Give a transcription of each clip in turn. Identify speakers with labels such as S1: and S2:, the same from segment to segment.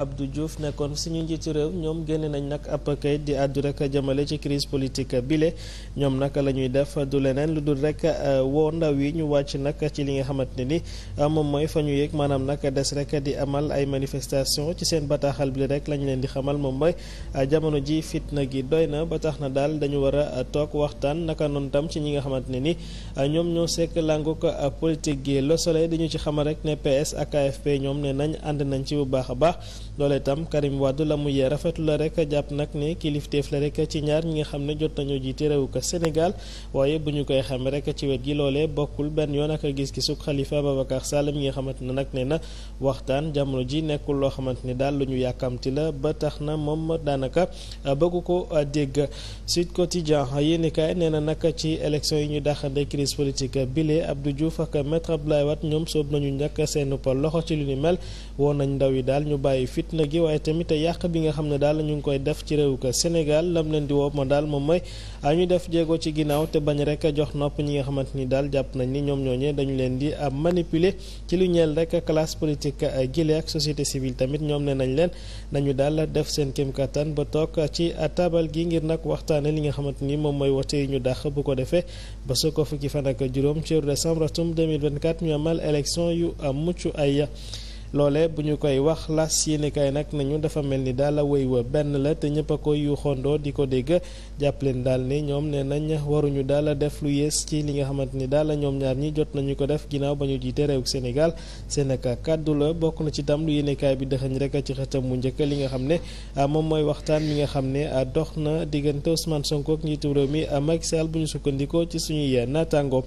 S1: Abdou Diouf nekkoon suñu njiitu réew ñoom génne nañ nag ab kayit di àddu rek jëmale ci crise politique bile ñoom naka la ñuy def du leneen lu dul rek euh, woo ndaw yi ñu wàcc nag ci li nga xamante ne ni euh, moom mooy fa ñu maanaam nag des rek di amal ay manifestation ci seen bataaxal bi rek la leen di xamal moom mooy euh, jamono ji fitna gi doy na ba tax na daal dañu war a toog waxtaan naka noonu tam ci ñi nga xamante ne ni ñoom ñoo sekk làngu ko politique gi Le Soleil dañu ci xamal rek ne PS ak AFP ñoom ne nañ ànd nañ ci bu baax a baax loola itam Karim Wade la mu yee rafetu la rek jàpp nag ne kilifteef la rek ci ñaar ñi nga xam ne jot nañoo jiite réew ko Sénégal waaye bu ñu koy xamee rek ci wet gi loolee bokkul benn yoon ak gis-gisu Khalifa Babacar Sall mi nga xamante ne nag nee na waxtaan jamono ji nekkul loo xamante ni daal lu ñu yàkkamti la ba tax na moom ma daanaka bëggu ko dégg Sud Quotidien yéenekaay nee na nag ci élection yi ñu dàqande crise politique bile du Diouf ak maître Abdoulaye Wade ñoom soob nañu ñàkk seen loxo ci lu ni mel fitna gi waaye tamit yàq bi nga xam ne daal ñu ngi koy def ci réew ka Sénégal lam leen di woo ma daal moom mooy ah, ñu def jéego ci ginnaaw te bañ rek jox nopp ñi nga xamante ni daal jàpp nañ ni ñoom ñooñee dañu leen di ah, manipuler ci lu ñeel rek classe politique ah, gile ak société civile tamit ñoom ne nañ leen nañu daal def seen kéem kattan ba toog ci tabal gi ngir nag waxtaane li nga xamante ni moom mooy wote yi ñu dàq bu ko defee ba su ko fukki fan ak juróom ci décembre atum 2024 ñu amal élection yu mucc ay loole bu ñu koy wax las yéene kaay nag nañu dafa mel ni daal woy wa benn la te ñëpp a koy yuuxoondoo di ko dégg jàpp leen daal ni ñoom nee nañ waruñu daal def lu yées ci li nga xamante ni daal ñoom ñaar ñi jot nañu ko def ginnaaw ba ñu jiite réew Sénégal seen kàddu la bokk na ci tam lu yéene kaay bi dëxëñ rek ci xëtam mu njëkk li nga xam ne ah, moom mooy waxtaan bi nga xam ne ah, dox na diggante Ousmane Sonko ak njiitu réew mi ah, Macky Sall bu ñu sukkandikoo ci suñuy naataango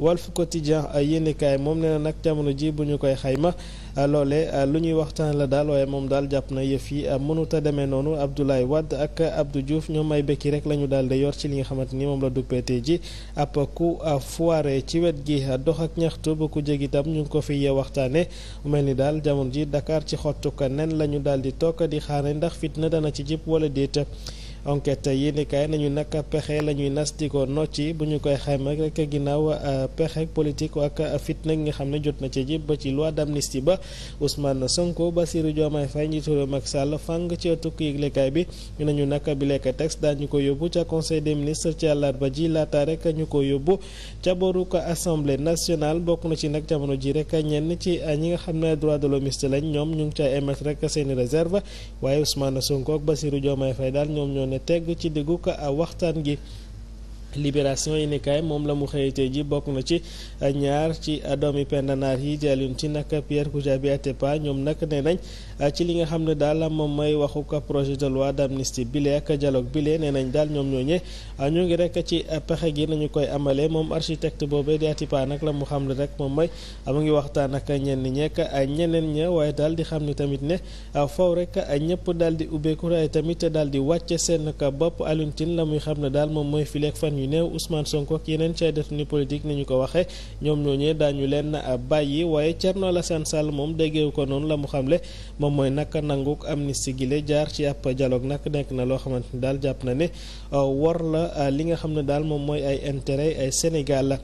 S1: Walf Quotidien euh, yéenekaay moom nee na nag jamono ji bu ñu koy xayma euh, loole euh, lu ñuy waxtaan la daal waaye moom daal jàpp na yëf yi mënuta demee noonu Abdoulaye wadd ak Abdou Diouf ñoom ay bekki rek la ñu daal di yor ci li nga xamante ni moom la duppeete ji ab ku fuare ci wet gi dox ak ñaxtu ba ku jég itam ñu ngi ko fi waxtaane mel ni daal jamono ji Dakar ci xottuka nen la ñu daal di toog di xaare ndax fitna dana ci jib wala déet enquête yéeni kaay nañu nag pexe la ñuy nas di ko nocci bu ñu koy xayma rek ginnaaw euh, pexe politique ak fitna gi nga xam ne jot na ci ji ba ci loi d'amnistie ba Ousmane Sonko Bassirou Diomaye Faye njiitu réew Macky Sall fang ci tukki yëglekaay bi ñu nañu nag bi lekk texte daañu ko yóbbu ca conseil des ministres ci àllarba ji laata rek ñu ko yóbbu ca boru ko assemblée nationale bokk na ci nag jamono ji rek ñenn ci ñi nga xam ne droit de l'hommiste lañ ñoom ñu ngi ca émettre rek seeni réserve waaye Ousmane Sonko ñoom tegg ci diggu uh, waxtaan gi libération yi nikaay moom la mu xëy tey ji bokk na ci ñaar ci doomi pendanaar yi di Alioune Tine ak Pierre bi Atepa ñoom nag nee nañ ci li nga xam ne daal moom may waxu projet de loi d'amnistie bile ak dialogue bile nee nañ daal ñoom ñooñee ñu ngi rek ci pexe gi nañu koy amale moom architecte boobee di Atepa nag la mu xam ne rek moom mooy mu ngi waxtaan ak ñenn ñekk ñeneen ña waaye daal di xam ne tamit ne faw rek ñëpp daal di ubbeeku ay tamit daal di wàcce seen bopp Alioune Tine la muy ne daal moom mooy yu néew Ousmane Sonko ak yeneen cay def ni politique ni ñu ko waxee ñoom ñooñee daañu leen bàyyi waaye la seen Sall moom déggewu ko noonu la mu xamle moom mooy naka nanguk amnistie gi la jaar ci ab jaloog nag nekk na loo xamante ni daal jàpp na ne euh, war la euh, li nga xam ne daal moom mooy ay intérêt ay Sénégal la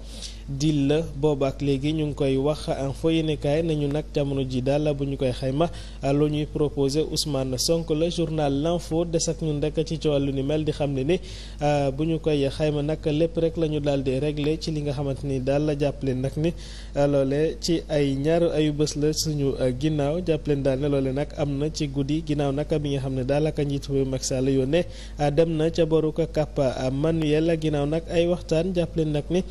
S1: dil la boobaak léegi ñu ngi koy wax info yéenekaay nañu nag jamono ji daal bu ñu koy xayma lu ñuy proposé Ousmane Sonko la journal l'info des ak ñun rek ci coowal lu ni mel di xam ne ni euh, bu ñu koy xayma nag lépp rek la ñu daal di réglé ci li nga xamante ni daal la jàppale nag ni euh, loole ci ay ñaaru ayu bés la suñu euh, ginnaaw jàppaleen daal ne loole nag am na ci guddi ginnaaw nag bi nga xam ne daal ak njiitu réew mag saala yónnee dem na ca boruka Cap Manuel ginnaaw nag ay waxtaan jàppaleen nag ni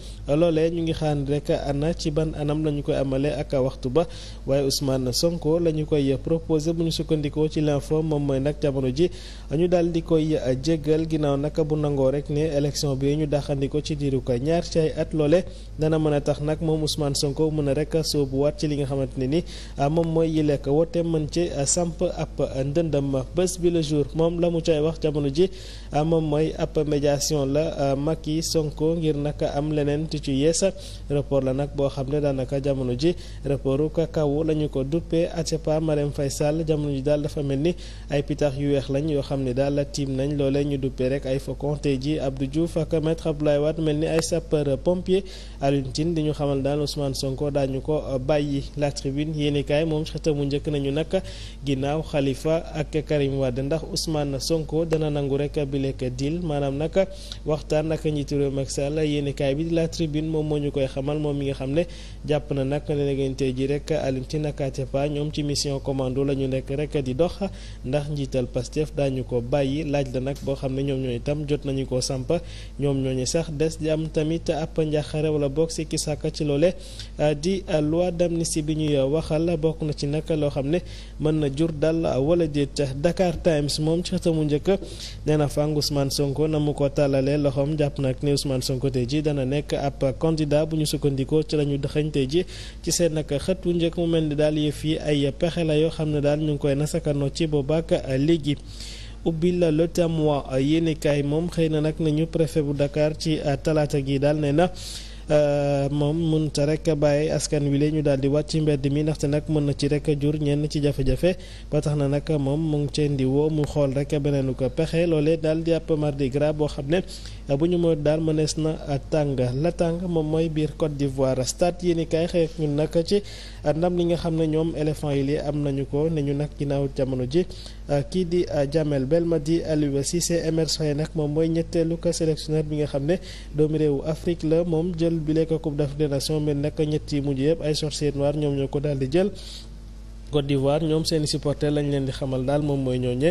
S1: ngi xaan rek ana ci ban anam la koy amale ak waxtu ba waaye Ousmane Sonko la ñu koy proposé bu ñu sukkandikoo ci l'info moom mooy nag jamono ji ñu daal di koy jéggal ginnaaw nag bu nangoo rek ne élection bi ñu daxandiko ci diiru ko ñaar ci ay at loole dana mën a tax nag moom Ousmane Sonko mën a bu soobuwaat ci li nga xamante ne ni ah, moom mooy yi lekk woote mën ci samp ab ndëndam bés bi le jour moom la mu cay wax jamono ji ah, moom mooy ab médiation la ah, Macky Sonko ngir nag rapport la nag boo xam ne daanaka jamono ji rapportu kakawu la ñu ko duppee Atepa Marème Faye Sall jamono ji daal dafa mel ni ay pitax yu weex lañ yoo xam ne daal la tiim nañ loolee ñu duppee rek ay faucon tey ji Abdou Diouf ak maître Abdoulaye Wade mel ni ay sapeur pompier Alioune Tine di ñu xamal daal Ousmane Sonko daañu ko bàyyi la tribune yéeni kaay moom xetamu njëkk nañu nag ginnaaw xalifa ak Karim Wade ndax Ousmane Sonko dana nangu rek bi lekk deal maanaam moo ñu koy xamal moom mi nga xam ne jàpp na nag léegante ji rek Alioune Tine ci mission commando la ñu nekk rek di dox ndax njiital Pastef daañu ko bàyyi laaj la nag boo xam ne ñoom ñoo itam jot nañu ko samp ñoom ñoo ñooñu sax des di am tamit ab njaxare wala boog sikki sàkka ci loole euh, di euh, loi d'amnistie bi ñuy waxal bokk na ci nag loo xam ne mën na jur dal wala déet Dakar Times moom ci xëtamu njëkk nee na fang Sonko na mu ko tàllalee loxoom jàpp nag ne Ousmane Sonko tey ji dana nekk ab candidat candidat bu ñu sukkandikoo ci la ñu dëxañte ji ci seen nag xët wu njëkk mu mel ni daal yëf yi ay pexe la yoo xam ne daal ñu ngi koy nasakanoo ci boobaak léegi ubbi la le témoin yéenekaay moom xëy na nag nañu préfet bu Dakar ci talaata gi daal nee na Euh, moom mënta rek bàyyi askan wi lee ñu daal di wàcc mbedd mi ndaxte nag mën na ci rek jur ñenn ci jafe-jafe ba tax na nag moom mu ngi ceen di woo mu xool rek beneenu ko pexe loolee daal di àpp mardi boo xam ne bu ñu mooy daal mënees na tàng la tàng moom mooy biir Côte d'Ivoire stade yéen i ñu xëy nag ci ndam li nga xam ne ñoom éléphant yi lii am nañu ko ne ñu nag ginnaaw jamono ji euh, kii di bel euh, di Belmadi si Cissé Emerson nag moom mooy ñetteelu ko sélectionneur bi nga xam ne doomu réewu Afrique la moom jël bi lekk coupe d' afrique des nations mais nag ñett yi mujj yëpp ay sorciers noirs ñoom ñoo ko daal di jël Côte d'Ivoire ñoom seen i supporters lañ leen di xamal daal moom mooy ñooñe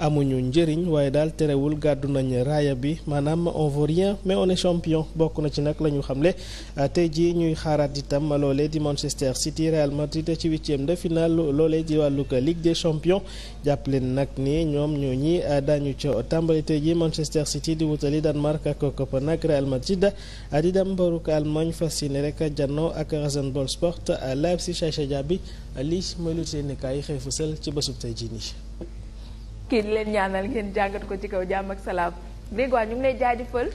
S1: amuñu njëriñ waaye daal terewul gàddu nañ raaya bi maanaam on vaut rien mais on est champion bokk na ci nag la ñu xamle euh, tey jii ñuy xaaraat itam loolee di Manchester City Real Madrid ci huitième de finale loole di wàllug Ligue des champions jàpp leen nag ni ñoom ñoo ñi euh, daañu ca tàmbali tey jii Manchester City di wutali Danemark ak Copenhague Real Madrid euh, di dem baruk Allemagne fas yéene rek janno ak Rasenballsport Leipzig Chacha Diaby lii mooy lu seen i kaay xëy fësal ci bésub tey nii. kii di leen ñaanal ngeen jàngat ko ci kaw jàmm ak salaam Grégoire ñu ngi lay jaajëfal.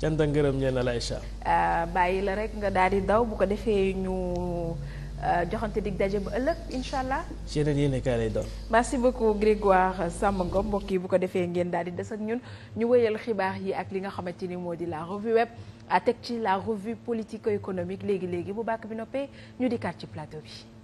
S1: cant ak ngërëm ñeen la Aïcha. Ah, bàyyi la rek nga daal di daw bu ko defee ñu ah, joxante dig daje ba ëllëg incha allah. ci yeneen yéen kaay lay doon. merci beaucoup Grégoire Samb Ngom mbokk yi bu ko defee ngeen daal di des ak ñun ñu wéyal xibaar yi ak li nga xamante ni moo di la revue web teg ci la revue politico-économique léegi léegi bu bàkk bi noppee ñu di kat ci plateau bi.